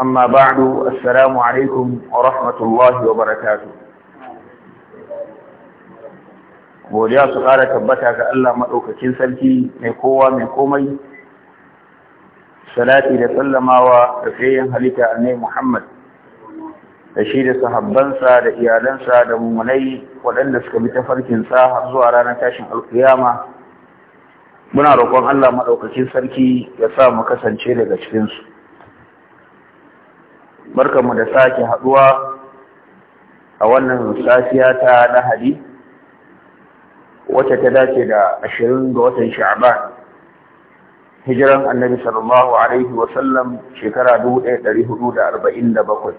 أما بعد السلام عليكم ورحمة الله وبركاته godiya su ƙara tabbata ga Allah maɗaukakin sarki mai kowa mai komai salati da sallamawa da fayyan halitta annai Muhammad da shi da sahabbansa da iyalansa da mummunai waɗanda suka bi farkin har zuwa ranar tashin alkiyama muna roƙon Allah maɗaukakin sarki ya sa mu kasance daga cikinsu barkanmu da sake haduwa a wannan safiya ta lahadi wacce ta dace da ashirin ga watan sha'ban hijiran annabi sallallahu alaihi sallam shekara 1447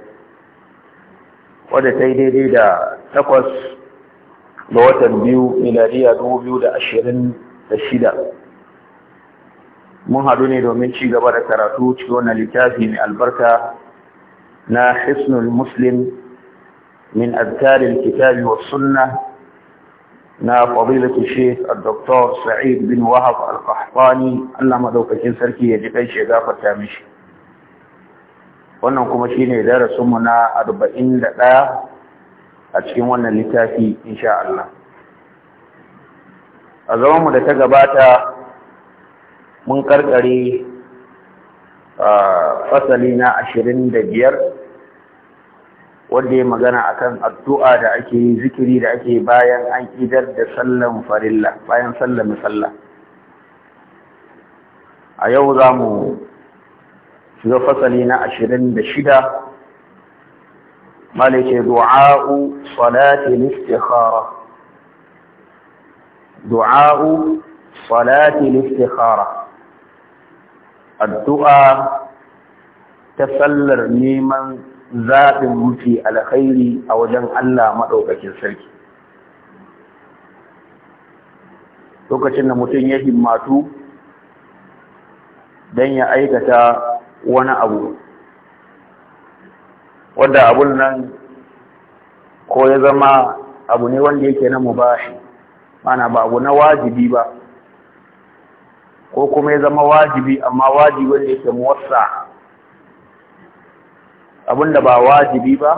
wadda ta yi daidai da takwas ga watan biyu da ashirin da shida. mun haɗu ne domin ci gaba da karatu cikin wannan littafi mai albarka na hisnul muslim min adkarin kitabi wa sunna na fadilatul sheikh al-doktor sa'id bin wahab al-qahtani Allah madaukakin sarki ya ji kai shi gafarta mishi wannan kuma shine darasin mu na arba'in 41 a cikin wannan littafi insha Allah a zaman mu da ta gabata mun karkare ah, fasali na ashirin da biyar. wanda ya magana akan addu'a da ake yi zikiri da ake bayan an idar da sallan farilla bayan sallan sallah a yau za mu shiga fasali na ashirin da shida malike du'a'u salatin istikhara du'a'u salatin istikhara addu'a ta sallar neman zaɓin mafi alkhairi a wajen Allah maɗaukakin sarki. Lokacin da mutum ya himmatu don ya aikata wani abu, wadda abun nan ko ya zama abu ne wanda yake na mubashi, mana ba abu na wajibi ba, ko kuma ya zama wajibi amma wajibi wanda yake muwassa. da ba wajibi ba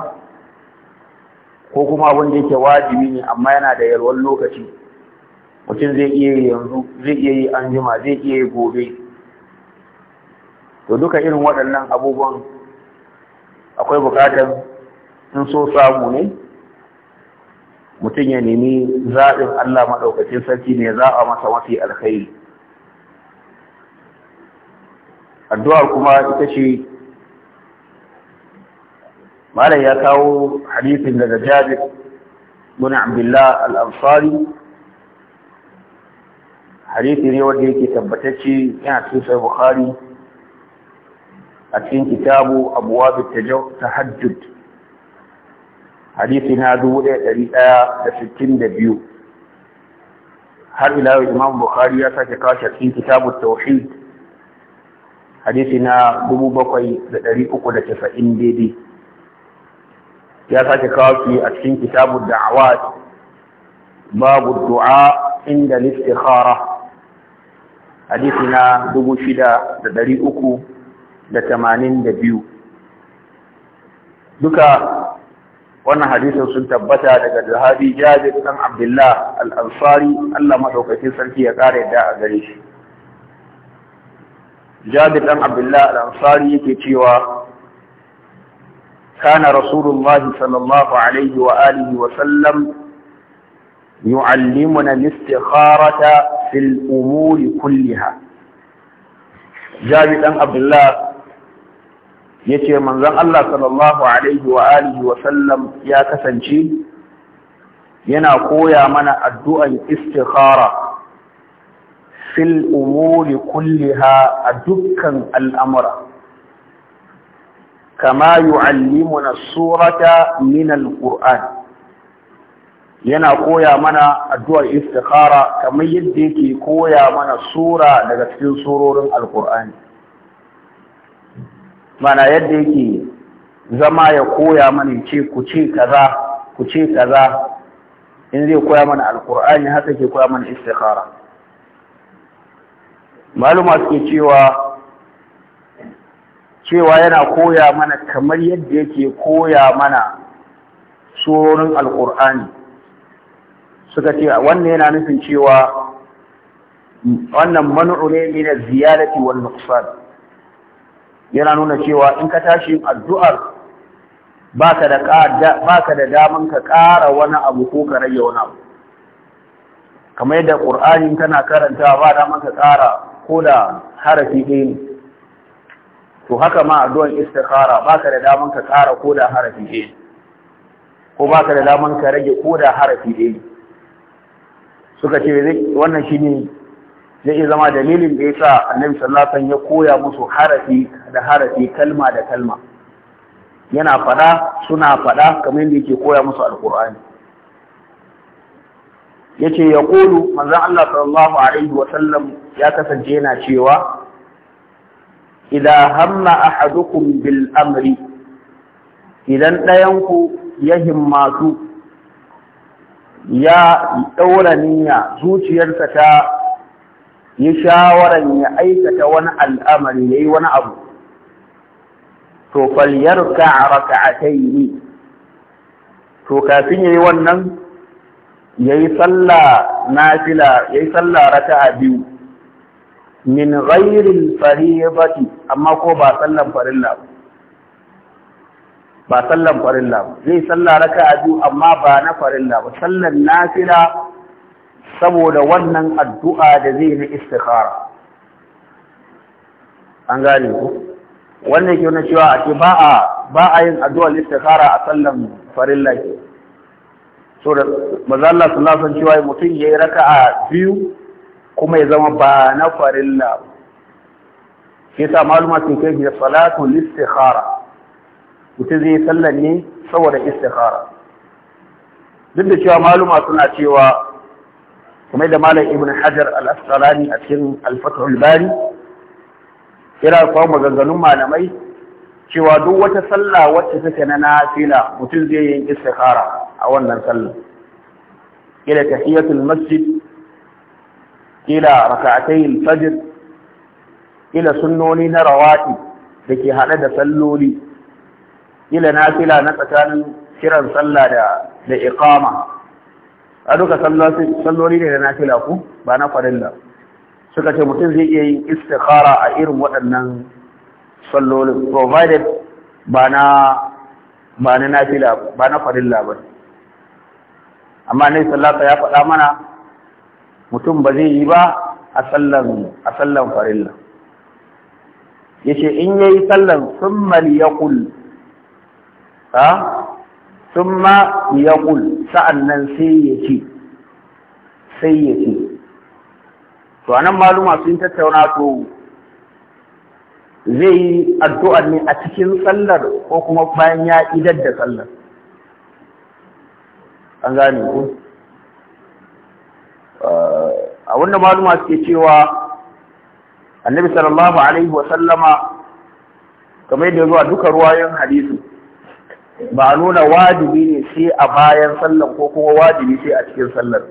ko kuma abinda yake wajibi ne amma yana da yalwar lokaci mutum zai iya yi yanzu zai iya yi anjima zai iya yi gobe to duka irin waɗannan abubuwan akwai buƙatar in so samu ne mutum ya nemi zaɓin Allah maɗaukacin sarki ne za a masa mafi alkhairi addu'ar kuma ita ce malam ya kawo hadisin daga jabir bin abdullah al-ansari hadisi ne wanda yake tabbatacce yana cikin sahih bukhari a cikin kitabu abwab ta tahajjud hadisi na biyu. har ila yau imam bukhari ya sake kashi cikin kitabu tauhid hadisi na 7390 daidai ya sake kawo ki a cikin kitabu da'awat babu du'a inda al-istikhara hadisi na 6382 duka wannan hadisin sun tabbata daga zahabi Jabir dan Abdullah al-Ansari Allah madaukakin sarki ya kare da a gare shi Jabir dan Abdullah al-Ansari yake cewa كان رسول الله صلى الله عليه وآله وسلم يعلمنا الاستخارة في الأمور كلها جابت أن عبد الله يتي من ذن الله صلى الله عليه وآله وسلم يا كسنجي ينا قويا من الدعاء استخارة في الأمور كلها أدكا الأمر kama yu'allimuna surata min al yana koya mana addu'ar istikhara kamar yadda yake koya mana sura daga cikin surorin alkur'ani mana yadda yake zama ya koya mana ce ku ce kaza ku ce kaza in zai koya mana alqurani haka ke koya mana istikhara maluma suke cewa cewa yana koya mana kamar yadda yake koya mana surorin alkur'ani suka ce wannan yana nufin cewa wannan manu'u ne mina ziyarati wal nuqsan yana nuna cewa in ka tashi addu'ar baka da baka da daman ka ƙara wani abu ko ka rage wani abu kamar yadda qur'ani kana karanta ba daman ka ƙara ko da harafi ɗaya ne to haka ma addu'an istikhara baka da daman ka kara ko da harafi ɗaya ko baka da daman ka rage ko da harafi ɗaya suka ce wannan shine zai iya zama dalilin da yasa Annabi sallallahu alaihi wasallam ya koya musu harafi da harafi kalma da kalma yana fada suna fada kamar yadda yake koya musu alqur'ani yace yaqulu manzo Allah sallallahu alaihi wasallam ya kasance yana cewa Ida hamma ahadukum bil amri idan ɗayanku ya himmatu ya ɗaura niyya zuciyarsa ta yi shawaran ya aikata wani al'amari ya yi wani abu, to falyarka a raka'atai ne, to kafin ya yi wannan ya yi tsalla na fila, ya yi tsalla raka'a biyu, min ghairil fariyati amma ko ba sallan farilla ba sallan farilla ba zai salla raka'a biyu amma ba na farilla ba sallan nafila saboda wannan addu'a da zai na istikhara an gane ku wannan ke wani cewa ake ba a ba a yin addu'a istikhara a sallan farilla ke so da mazalla sallallahu alaihi wasallam cewa mutum yayi raka'a biyu kuma ya zama ba na farilla Ke sa maluma sun kai da salatu istikhara mutum zai sallan ne saboda istikhara duk da cewa maluma suna cewa kuma da malam ibn hajar al-asqalani a cikin al-fathul bari yana maganganun malamai cewa duk wata sallah wacce take na nafila mutum zai yi istikhara a wannan sallah ila tahiyatul masjid Ila raka'atai al-fajr kila sunnoni na rawati da ke haɗe da salloli ila nafila na tsakanin kiran sallah da da iqama a duka salloli ne da nafila ku ba na farilla suka ce mutum zai iya yin istikhara a irin waɗannan salloli provided ba na ba na nafila ba na farilla ba amma ne sallata ya faɗa mana mutum ba zai yi ba a sallan farilla ya ce in yayi sallan summa liyaqul ha summa sa'an sa'annan sai ya ce sai ya ce to anan maluma sun tattauna to zai yi addu'ar ne a cikin sallar ko kuma bayan ya idar da sallar an gane ku Eh, a wannan maluma suke cewa annabi sallallahu alaihi wa sallama kamar yadda zuwa duka ruwayoyin hadisi ba nuna wajibi ne sai a bayan sallan ko kuma wajibi sai a cikin sallar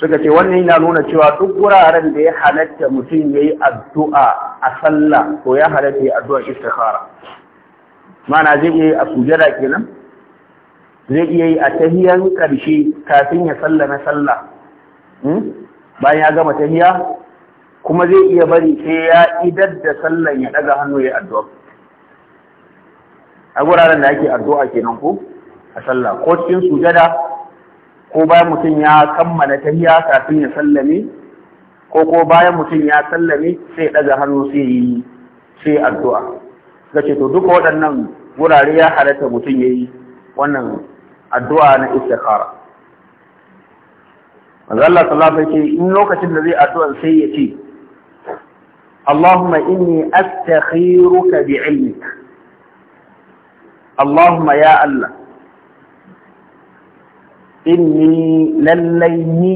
suka ce wannan yana nuna cewa duk wuraren da ya halatta mutum ya yi addu'a a sallah ko ya halatta ya addu'a istikhara ma'ana zai iya a sujada kenan zai iya yi a tahiyar ƙarshe kafin ya na sallah hmm? bayan ya gama tahiya kuma zai iya bari sai ya idar da sallan ya daga hannu ya addu'a a wuraren da ake addu'a kenan ko a sallah ko cikin sujada ko bayan mutum ya kammala tahiya kafin ya sallame ko ko bayan mutum ya sallame sai daga hannu sai yi sai addu'a kace to duka waɗannan wurare ya halatta mutum yayi wannan addu'a na istikhara manzo Allah sallallahu alaihi wasallam in lokacin da zai addu'a sai ya ce Allahumma inni astakhiruka bi ilmik Allahumma ya Allah inni lallai ni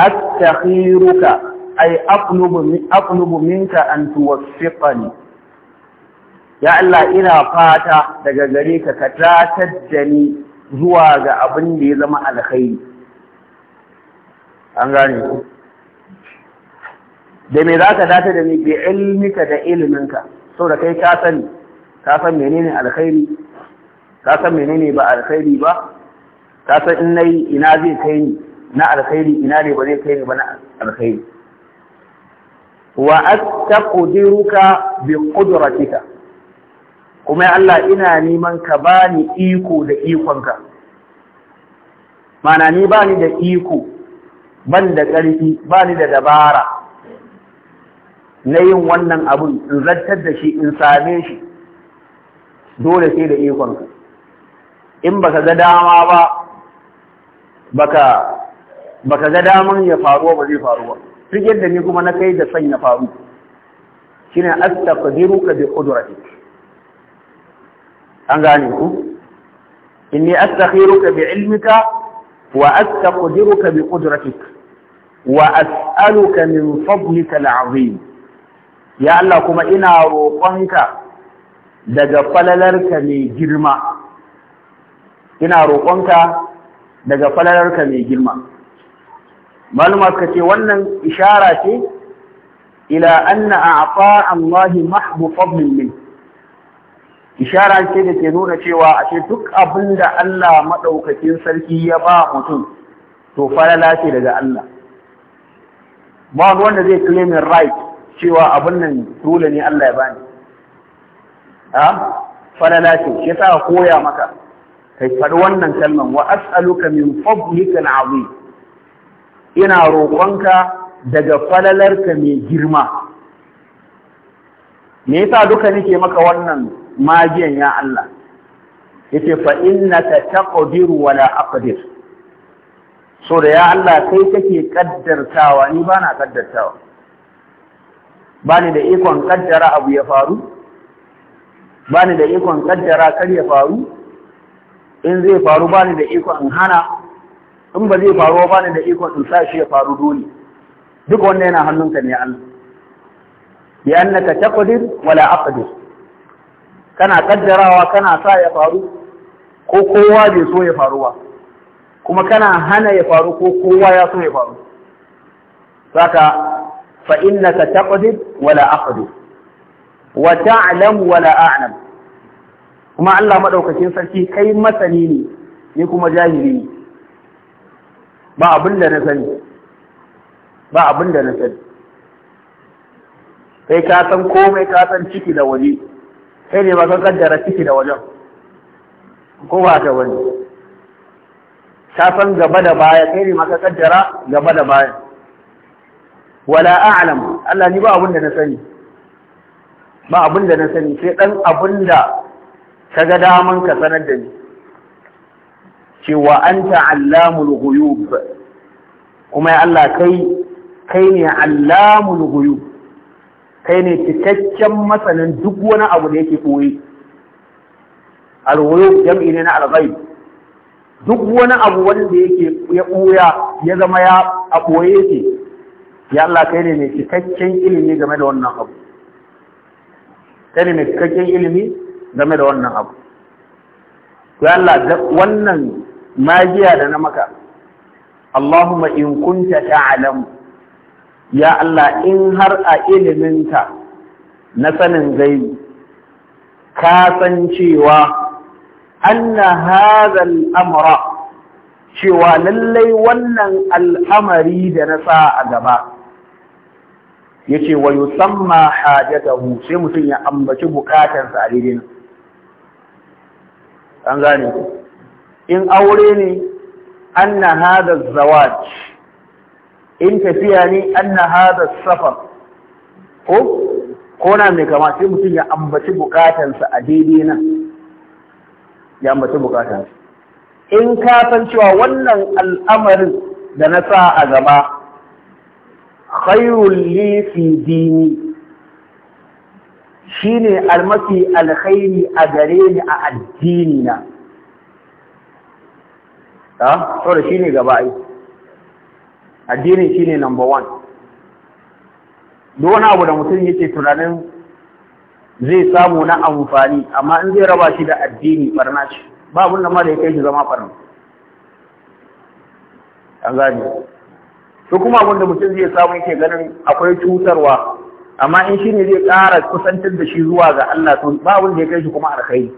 astakhiruka ay aqlubu minka an tuwaffiqani ya Allah ina fata daga gare ka ka tatar da ni zuwa ga abin da ya zama alkhairi an gane ku da me za ka dace da ni bi ilmika da iliminka saboda kai ka sani ka san menene alkhairi ka san menene ba alkhairi ba ka san in nayi ina zai kai ni na alkhairi ina ne ba zai kai ni ba na alkhairi wa astaqdiruka bi qudratika kuma Allah ina neman ka bani iko da ikonka mana ni bani da iko ban da ƙarfi bani da dabara na yin wannan abun in zartar da shi in same shi dole sai da ikonka in baka ga dama ba baka baka ga daman ya faruwa ba zai faruwa duk yadda ni kuma na kai da son ya faru shine astaqdiruka bi qudratik an gane ku inni astakhiruka bi ilmika wa astaqdiruka bi qudratik wa as'aluka min fadlika al'azim ya Allah kuma ina roƙonka daga falalarka mai girma ina roƙonka daga falalarka mai girma malama ka ce wannan ishara ce ila anna a'ta allahi mahbu fadlin min ishara ce da ke nuna cewa ashe duk abin da Allah maɗaukakin sarki ya ba mutum to falala ce daga Allah ba wanda zai claiming right cewa abin nan dole ne Allah ya bani ha falala ce shi yasa koya maka kai faɗi wannan kalman wa as'aluka min fadlika al'azim ina roƙonka daga falalarka mai girma me yasa duka nake maka wannan magiyan ya Allah yace fa innaka taqdir wala la aqdir so da ya Allah kai kake kaddartawa ni bana kaddartawa bani da ikon kaddara abu ya faru bani da ikon kaddara kar ya faru in zai faru bani da ikon in hana in ba zai faru ba, bani da ikon in sa shi ya faru dole duk wanda yana hannunka ne Allah bi annaka taqdir wala aqdir kana kaddarawa kana sa ya faru ko kowa bai so ya faru ba kuma kana hana ya faru ko kowa ya so ya faru saka fa innaka taqdir wala aqdir wa ta'lam wala a'lam kuma Allah madaukakin sarki kai masani ne ni kuma jahili ne ba abin da na sani ba abin da na sani sai ka san komai ka san ciki da waje sai ne ba ka kaddara ciki da wajen ko ba ta wani ta san gaba da baya sai ne ma ka kaddara gaba da baya wala a'lam Allah ni ba abin da na sani ba abin da na sani sai dan abin da ka ga daman ka sanar da ni cewa anta allamul ghuyub kuma ya Allah kai kai ne allamul ghuyub kai ne cikakken masanin duk wani abu da yake ɓoye alwuyu jam'i ne na alghayb duk wani abu wanda yake ya ɓoya ya zama ya a ɓoye yake ya Allah kai ne mai cikakken ilimi game da wannan abu kai ne mai cikakken ilimi game da wannan abu to ya Allah wannan magiya da na maka Allahumma in kunta ta'lamu ya Allah in har a iliminka na sanin gaibi ka san cewa anna hadha al-amra cewa lallai wannan al'amari da na sa a gaba yace wa yusamma hajatahu sai mutum ya ambaci bukatarsa a daidai an gane in aure ne anna hadha az-zawaj in tafiya ne an na hada safar ko ko na mai kama sai mutum ya ambaci bukatansa a daidai nan ya ambaci bukatansa in ka san cewa wannan al'amarin da na sa a gaba khairul li dini shi ne almafi alkhairi a gare ni a addini na ha ah, saboda ne gaba ai addinin ne number one duk wani abu da mutum yake tunanin zai samu na amfani amma in zai raba shi da addini barna ce ba abin da ma da ya kai shi zama barna an gani su kuma abin da mutum zai samu yake ganin akwai cutarwa amma in shi ne zai ƙara kusantar da shi zuwa ga Allah sun, ba abin da ya kai shi kuma alkhairi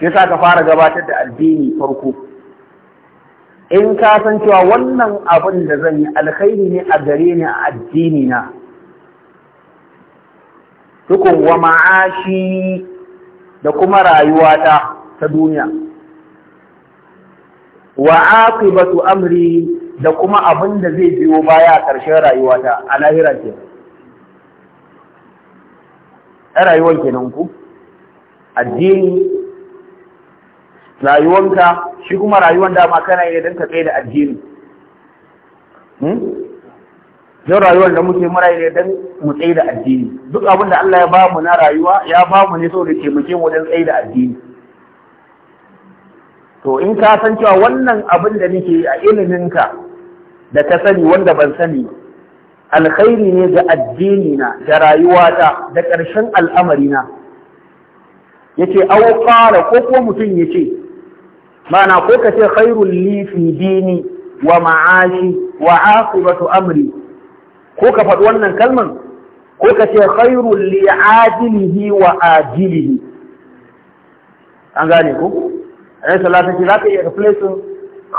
sai sa ka fara gabatar da addini farko in ka san cewa wannan abin da zan yi alkhairi ne a gare ni a addini na tukun wa ma'ashi da kuma rayuwata ta duniya wa aqibatu amri da kuma abin da zai biyo baya karshen ƙarshen rayuwata a lahira ke a rayuwar kenan ku addini rayuwanka shi kuma rayuwar dama kana yi don ka da addini hmm? don rayuwar da muke mura ne don mu tsaye da addini duk abin da Allah ya ba mu na rayuwa ya ba mu ne saboda taimake mu don tsaye da addini to in ka san cewa wannan abin da nake a ka da ka sani wanda ban sani alkhairi ne ga addini na da rayuwata da ƙarshen al'amari na yace aw fara ko kuma mutum yace mana ko ka ce khairul li fi dini wa ma'ashi wa aqibatu amri ko ka faɗi wannan kalman ko ka ce khairul li ajilihi wa ajilihi an gane ko ai salata ce zaka iya replace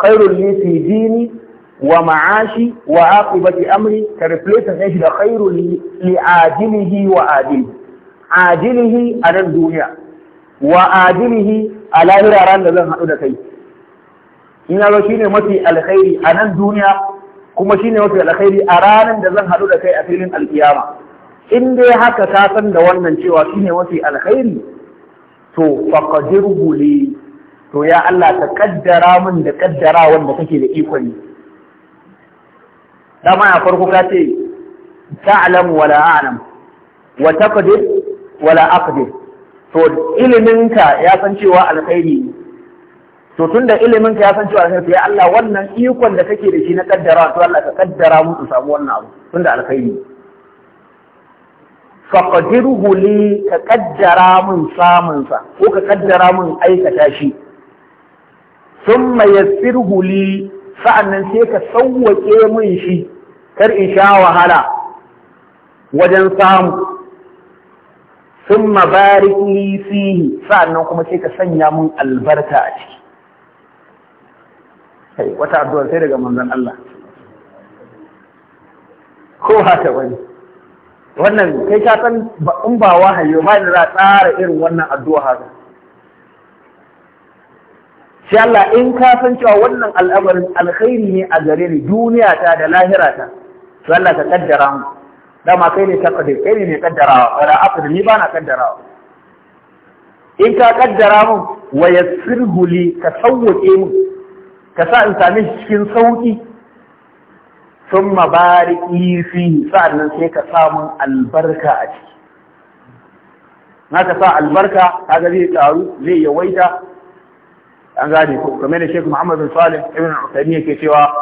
khairul li fi dini wa ma'ashi wa aqibati amri ka replace shi da khairul li ajilihi wa ajilihi ajilihi a nan duniya wa adilihi a lahira ran da zan haɗu da kai ina shine mafi alkhairi a nan duniya kuma shine mafi alkhairi a ranar da zan haɗu da kai a filin alkiyama in dai haka ka san da wannan cewa shine mafi alkhairi to faqdirhu li to ya Allah ka kaddara min da kaddara wanda kake da ikon ne dama a farko ka ce ta'lam wala a'lam wa taqdir wala aqdir to iliminka ya san cewa alkhairi ne to tunda iliminka ya san cewa alkhairi ya Allah wannan ikon da kake da shi na kaddara to Allah ka kaddara mu su samu wannan abu tunda alkhairi ne faqdirhu li ka kaddara mun samun sa ko ka kaddara mun aikata shi thumma yassirhu li sa'annan sai ka sauwake mun shi kar in sha wahala wajen samu sun mabarik li fihi sa'annan kuma sai ka sanya mun albarka a ciki wata addu'a sai daga manzan Allah ko haka wani wannan kai ka san in ba wahayi ba ne za a tsara irin wannan addu'a haka sai Allah in ka san cewa wannan al'amarin alkhairi ne a gare ni duniya ta da lahira ta to Allah ka kaddara mu dama kai ne taqdir kai ne mai kaddarawa wala aqdir ni ba na kaddarawa in ka kaddara mun wa yassirhu li ka sawwake mun ka sa in same shi cikin sauki thumma bariki fi sa'annan sai ka sa mun albarka a ciki naka sa albarka kaga zai karu zai yawaita an gane ko kamar da Sheikh Muhammad bin Salih ibn Uthaymeen yake cewa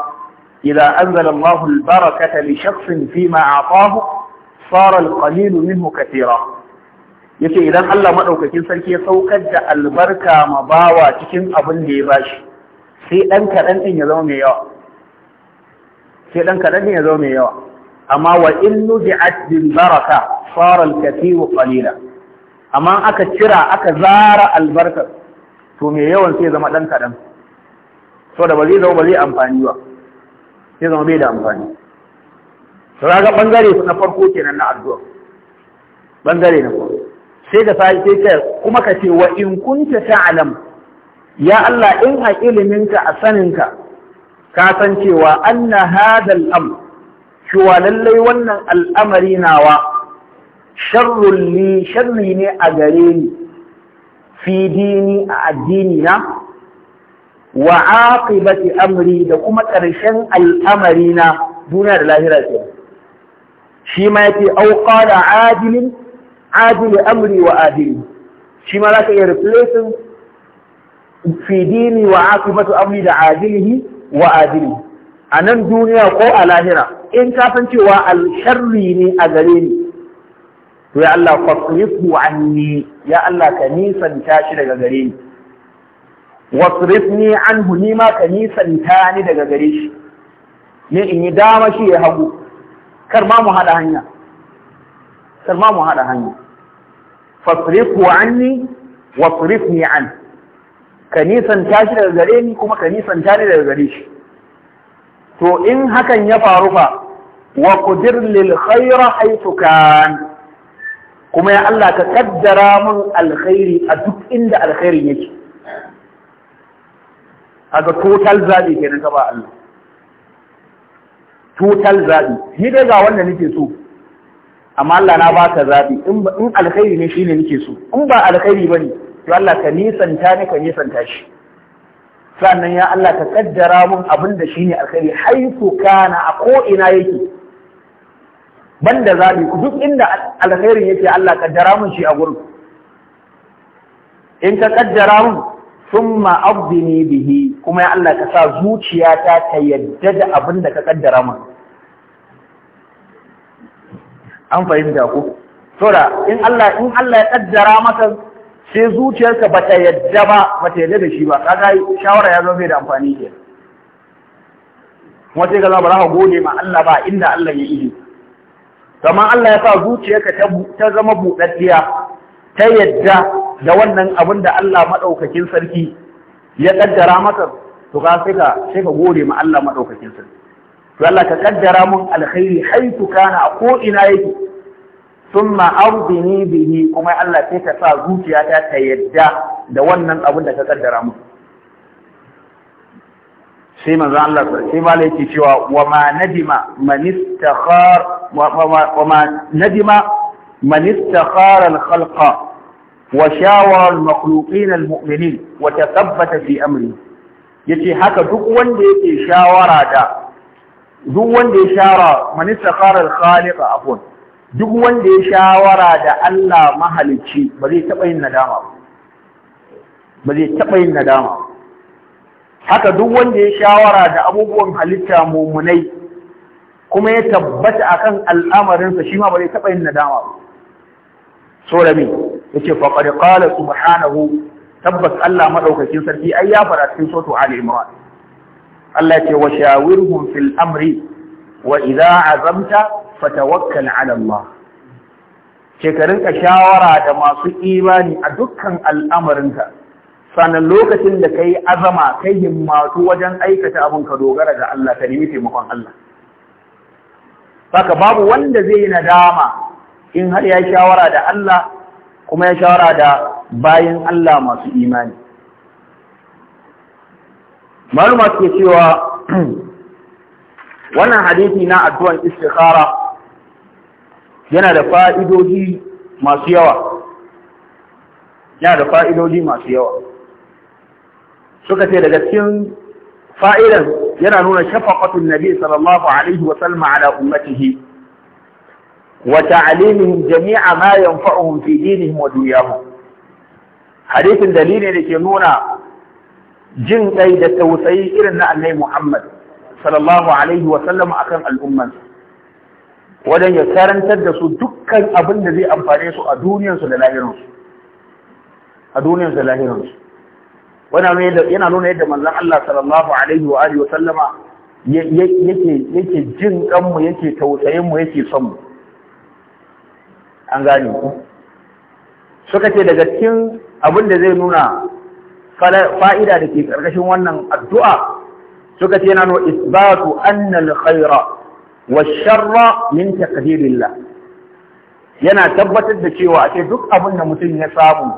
إذا أنزل الله البركة لشخص فيما أعطاه صار القليل منه كثيرا yace idan Allah madaukakin sarki ya saukar da albarka ma bawa cikin abin da ya bashi sai dan kaɗan ɗin ya zama mai yawa sai dan kaɗan ɗin ya zama mai yawa amma wa in nudi'at bil baraka sara al kathiru qalila amma aka cira aka zara albarka to mai yawan sai zama dan kaɗan. so da ba zai zama ba zai amfani ba sai zama bai da amfani raga ɓangare na farko kenan na addu'a Ɓangare na farko sai da sai ka kuma ka ce wa in kunta ta'lam ya Allah in a iliminka a saninka ka san cewa anna hadal am cewa lallai wannan al'amari nawa sharrun sharri ne a gare ni fi dini a addini na wa aqibati amri da kuma ƙarshen al'amari na duniya da lahira ce shi ma yake au qala adilin adil amri wa adili shi ma zaka iya replacing fi dini wa aqibatu amri da adilihi wa adili a nan duniya ko a lahira in ka san cewa sharri ne a gare ni to ya Allah fasrifu anni ya Allah ka ta shi daga gare ni wasrifni an huni ma ka nisanta ni daga gare shi ne in yi dama shi ya hagu kar ma mu haɗa hanya kar ma mu haɗa hanya fasrifu anni wasrifni an ka nisanta shi daga gare ni kuma ka nisanta ni daga gare shi to in hakan ya faru fa wa qudir lil khayra haythu kan kuma ya Allah ka kaddara mun alkhairi a duk inda alkhairin yake ga total zabi ke ka ba Allah total zabi ni dai ga wanda nake so amma Allah na baka zabi in in alkhairi ne shine nake so in ba alkhairi bane to Allah ka nisanta ni ka nisanta shi sannan ya Allah ka kaddara mun abin da shine alkhairi haifu kana a ko ina yake banda zabi duk inda alkhairin yake Allah kaddara mun shi a gurin in ka kaddara mun thumma abdini bihi kuma ya Allah ka sa zuciyata ta yadda da abin da ka kaddara min an fahimta ku saboda in Allah in Allah ya kaddara maka sai zuciyarka ba ta yadda ba ba ta yadda da shi ba kaga shawara ya zama bai da amfani ke kuma sai ka zama ba za ka gode ma Allah ba inda Allah ya iji kamar Allah ya sa zuciyarka ta zama buɗaɗɗiya ta yadda da wannan abin da Allah maɗaukakin sarki ya ƙaddara masa to ka sai ka sai ka gode ma Allah maɗaukakin sarki to Allah ka ƙaddara mun alkhairi haitu kana a ko ina yake summa ardini bihi kuma Allah sai ka sa zuciyata ta yadda da wannan abin da ka ƙaddara mun sai manzo Allah sai ma yake cewa wa ma nadima man istakhar wa ma nadima man istakhara al-khalqa وشاور المخلوقين المؤمنين وتثبت في أمره yace haka duk wanda yake shawara da duk wanda ya shara man istakhara al-khaliq afwan duk wanda ya shawara da Allah mahalicci ba zai taba yin nadama ba zai taba yin nadama haka duk wanda ya shawara da abubuwan halitta mumunai kuma ya tabbata akan al'amarinsa shi ba zai yin nadama so da yace fa qad su subhanahu tabbas Allah maɗaukacin sarki ai ya fara cikin soto Ali Imran Allah ce wa shawirhum fil amri wa idza azamta fatawakkal ala Allah Shekarun ka rinka shawara da masu imani a dukkan al'amarinka sannan lokacin da kai azama kai himmatu wajen aikata abin ka dogara ga Allah ka nemi taimakon Allah saka babu wanda zai yi nadama in har ya shawara da Allah kuma ya shawara da bayan Allah masu imani maluma suke cewa wannan hadithi na addu'an istikhara yana da fa'idoji masu yawa yana da fa'idoji masu yawa suka ce daga cikin fa'idan yana nuna shafa shafaƙatun nabi sallallahu alaihi wasallam ala ummatihi wa ta'alimihim jami'a ma yanfa'uhum fi dinihim wa dunyahum hadisin dalili da ke nuna jin kai da tausayi irin na Annabi Muhammad alaihi wa sallam akan al'umman wajen ya karantar da su dukkan abin da zai amfane a duniyarsu da lahirinsu a duniyarsu da lahirinsu wannan yana nuna yadda manzon Allah yake jin yake yake son mu an gane ku suka ce daga cikin abin da zai nuna fa'ida da ke ƙarƙashin wannan addu'a suka ce na isbatu annal khaira wa sharra min taqdirillah yana tabbatar da cewa ake duk abin da mutum ya samu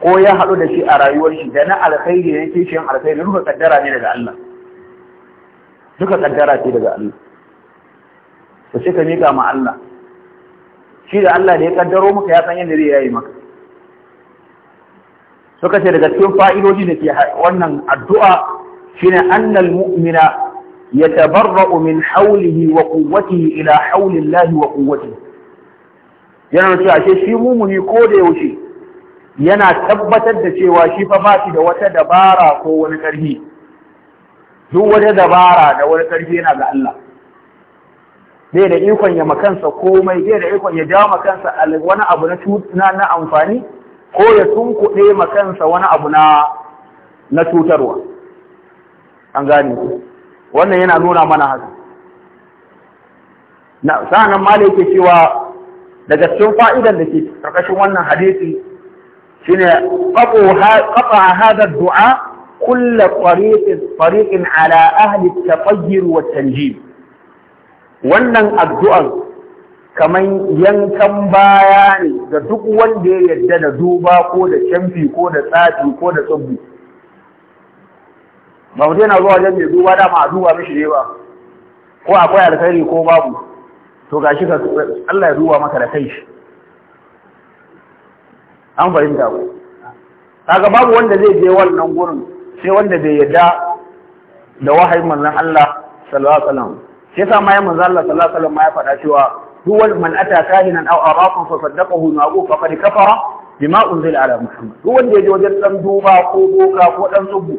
ko ya haɗu da shi a rayuwar shi da na alkhairi ne ke shin alkhairi duka kaddara ne daga Allah duka kaddara ce daga Allah to sai ka mika ma Allah shi da Allah da ya kaddaro maka ya san yadda zai yayi maka suka ce daga cikin fa'idoji da ke wannan addu'a shine annal mu'mina yatabarra'u min haulihi wa quwwatihi ila haulillahi wa quwwatihi yana cewa ashe shi mumuni ko da yaushe yana tabbatar da cewa shi fa ba shi da wata dabara ko wani ƙarfi duk wata dabara da wani ƙarfi yana ga Allah zai da ikon ya makansa komai zai da ikon ya jawo makansa wani abu na na amfani ko ya tunkuɗe makansa wani abu na cutarwa an gane wannan yana nuna mana haka na sanan mali yake cewa daga cikin fa'idan da ke karkashin wannan hadisi shine qata hada du'a kull tariqin tariqin ala ahli at wa tanjib wannan addu'ar kamar yankan baya ne ga duk wanda ya yarda da duba ko da canfi ko da tsafi ko da tsubbi ba mutu yana zuwa wajen mai duba dama a duba mishi ne ba ko akwai alkhairi ko babu to gashi ka Allah ya duba maka da kai shi an fahimta ku kaga babu wanda zai je wannan gurin sai wanda bai yarda da wahayin manzon Allah sallallahu alaihi wasallam shi yasa ma ya manzo Allah sallallahu alaihi wasallam ma ya faɗa cewa duk wani man ata kahinan aw arafan fa saddaqahu ma'u faqad kafara bima unzila ala muhammad duk wanda ya je wajen dan duba ko boka ko dan tsubu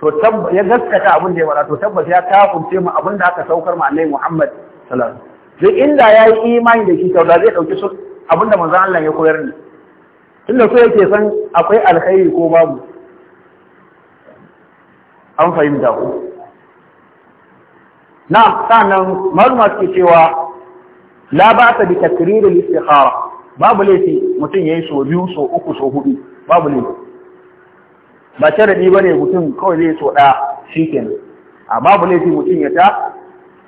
to ya gaskata abin da ya faɗa to tabbas ya kafurce mu abin da aka saukar mu annabi muhammad sallallahu alaihi wasallam duk inda yayi imani da shi to da zai dauki abin da manzo Allah ya koyar ne tunda so yake san akwai alkhairi ko babu an fahimta ko na sannan maluma suke cewa la ba ta bi takririn istikhara babu laifi mutum yi so biyu so uku so hudu babu laifi ba ba bane mutum kawai zai so ɗaya shikenan a babu laifi mutum ya ta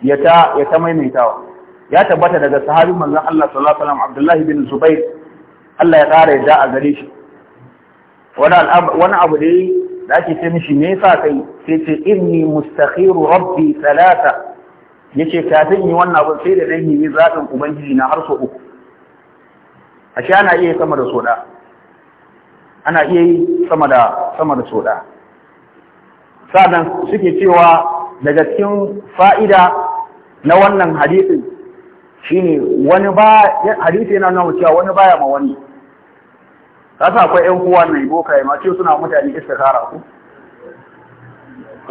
ya ta ya ta maimaitawa ya tabbata daga sahabin manzan Allah sallallahu alaihi wasallam Abdullah bin Zubair Allah ya kare da a gare shi wani abu da da ake ce mishi me sa kai sai ce inni mustakhiru rabbi salata yace kafin yi wannan abin sai da dan yi zaɓin ubangiji na har so uku a sha ana iya sama da soda ana iya yi sama da sama da soda sadan suke cewa daga cikin fa'ida na wannan hadisin shine wani ba hadisi yana nuna cewa wani baya ma wani kasa akwai 'yan kowa na boka ya mace suna mutane istikhara ku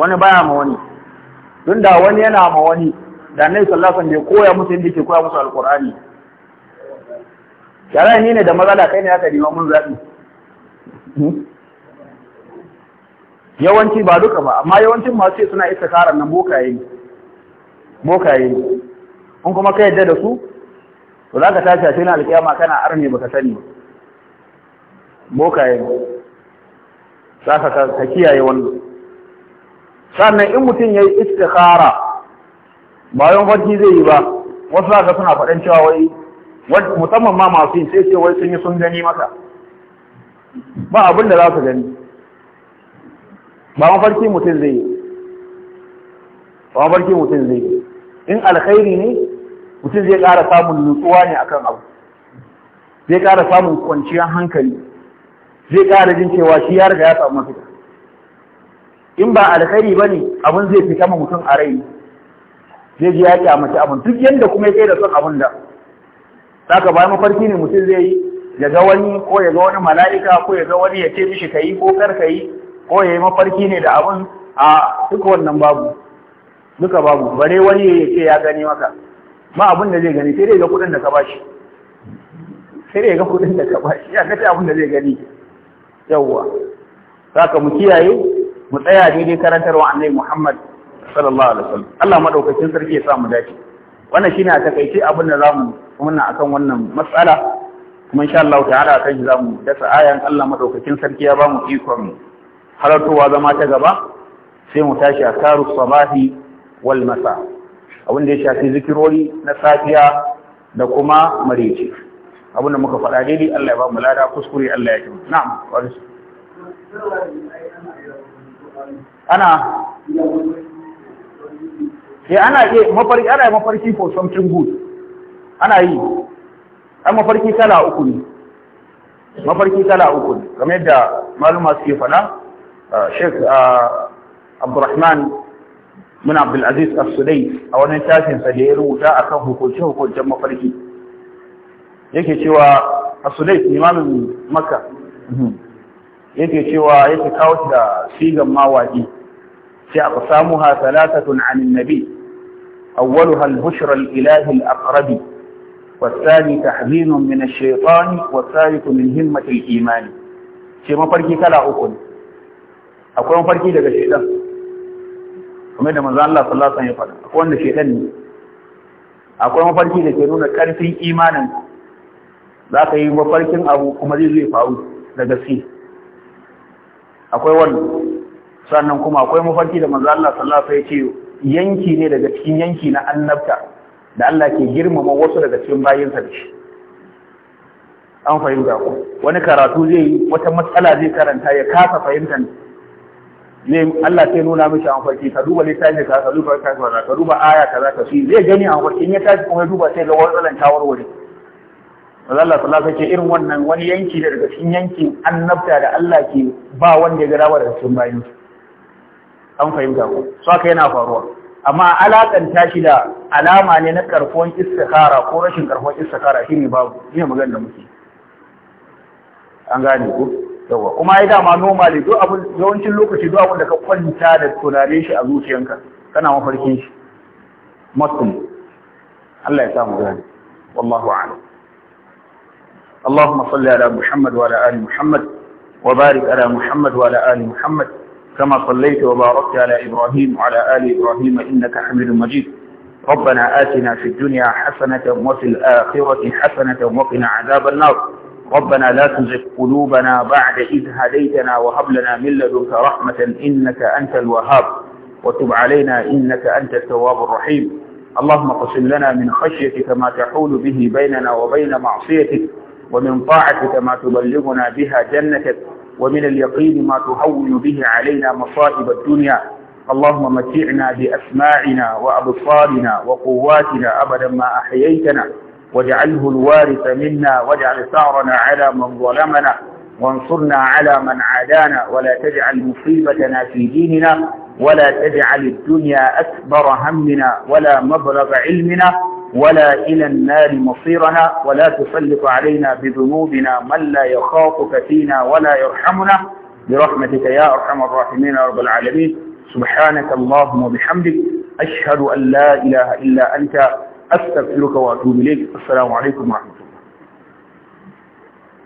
wani baya ma wani tunda wani yana ma wani da annabi sallallahu alaihi wasallam koya musu yadda yake koya musu alqur'ani yara ni ne da matsala kai ne aka nima mun zaɓi hmm? yawanci ba duka ba amma yawancin masu ce suna isa karan nan bokaye bokaye in kuma ka yadda da su to za ka tashi a cikin alƙiyama kana arne baka sani bokaye za ka kiyaye wannan sannan in mutum ya yi kara ba yawan farki zai yi ba wasu haka suna faɗin cewa wai musamman ma masu yin sai ce wai sun yi sun gani masa ba abin da za su gani ba farki mutum zai yi ba farki mutum zai yi in alkhairi ne mutum zai ƙara samun nutsuwa ne akan abu zai ƙara samun kwanciyar hankali zai ƙara jin cewa shi ya riga ya samu mafita in ba alkhairi ba ne abin zai fita ma mutum a rai zai ji ya kyamaci abin duk yadda kuma ya kai da son abin da ka bayan mafarki ne mutum zai yi ya ga wani ko ya ga wani mala'ika ko ya ga wani ya ce mishi kayi ko kar kayi ko ya yi mafarki ne da abin a duka wannan babu duka babu bare wani ya ce ya gani maka ma abin da zai gani sai dai ga kuɗin da ka bashi sai dai ga kuɗin da ka bashi ya kace abin da zai gani yawwa ka mu kiyaye mu tsaya daidai karantarwa annabi Muhammad sallallahu alaihi wasallam Allah madaukakin sarki ya sa mu dace wannan shine a takaice abin da zamu muna akan wannan matsala kuma insha Allah ta'ala kan shi zamu dasa ayan Allah madaukakin sarki ya bamu ikon halartowa zama ta gaba sai mu tashi a karu sabahi wal masa abin da ya shafi zikirori na safiya da kuma marece abin da muka faɗa daidai Allah ya ba lada kuskure Allah ya ji na'am ana eh ana iya mafarki ana mafarki for something good ana yi an mafarki kala uku ne mafarki kala uku ne kamar yadda maluma suke faɗa Sheikh Abdulrahman min Abdulaziz Asudai, a wani tashin sa da ya rubuta akan hukunce hukuncen mafarki yake cewa As-Sudai imamin Makka yake cewa yake kawo da sigan mawaki أقسامها ثلاثة عن النبي أولها البشرى الإله الأقرب والثاني تحذير من الشيطان والثالث من همة الإيمان شيء مفرقي كلا أكل أكل مفرقي لك الشيطان kamar da manzo Allah sallallahu alaihi wasallam ya faɗa akwai wanda shedan ne akwai mafarki da ke nuna karfin imanin za ka yi mafarkin abu kuma zai zai faru akwai sannan kuma akwai mafarki da manzo Allah sallallahu alaihi wasallam ya ce yanki ne daga cikin yanki na annabta da Allah ke girmama wasu daga cikin bayinsa da shi an fahimta ko wani karatu zai wata matsala zai karanta ya kasa fahimta zai Allah sai nuna mishi an farki ka duba littafi ka ka duba ka ka ka duba aya kaza ka shi zai gani an farki in ya tashi kuma ya duba sai ga wani wannan shawarwari Allah sallallahu alaihi wasallam irin wannan wani yanki da daga cikin yankin annabta da Allah ke ba wanda ya ga dawo daga cikin bayinsa an fahimta ko so haka yana faruwa amma alakanta shi da alama ne na karfon istikhara ko rashin karfon istikhara ne babu ina magana da muke an gane ko yawa kuma ai dama normally duk abun yawancin lokaci duk abun da ka kwanta da tunanin shi a zuciyanka kana mafarkin shi mutum Allah ya samu gani wallahu a'lam اللهم صل على محمد وعلى آل محمد وبارك على محمد وعلى آل محمد كما صليت وباركت على إبراهيم وعلى آل إبراهيم إنك حميد مجيد ربنا آتنا في الدنيا حسنة وفي الآخرة حسنة وقنا عذاب النار ربنا لا تزغ قلوبنا بعد إذ هديتنا وهب لنا من لدنك رحمة إنك أنت الوهاب وتب علينا إنك أنت التواب الرحيم اللهم اقسم لنا من خشيتك ما تحول به بيننا وبين معصيتك ومن طاعتك ما تبلغنا بها جنتك ومن اليقين ما تهون به علينا مصائب الدنيا اللهم متعنا بأسماعنا وأبصارنا وقواتنا أبدا ما أحييتنا واجعله الوارث منا واجعل ثارنا على من ظلمنا وانصرنا على من عادانا ولا تجعل مصيبتنا في ديننا ولا تجعل الدنيا أكبر همنا ولا مبلغ علمنا ولا إلى النار مصيرنا ولا تسلط علينا بذنوبنا من لا يخافك فينا ولا يرحمنا برحمتك يا أرحم الراحمين يا رب العالمين سبحانك اللهم وبحمدك أشهد أن لا إله إلا أنت أستغفرك وأتوب إليك السلام عليكم ورحمة الله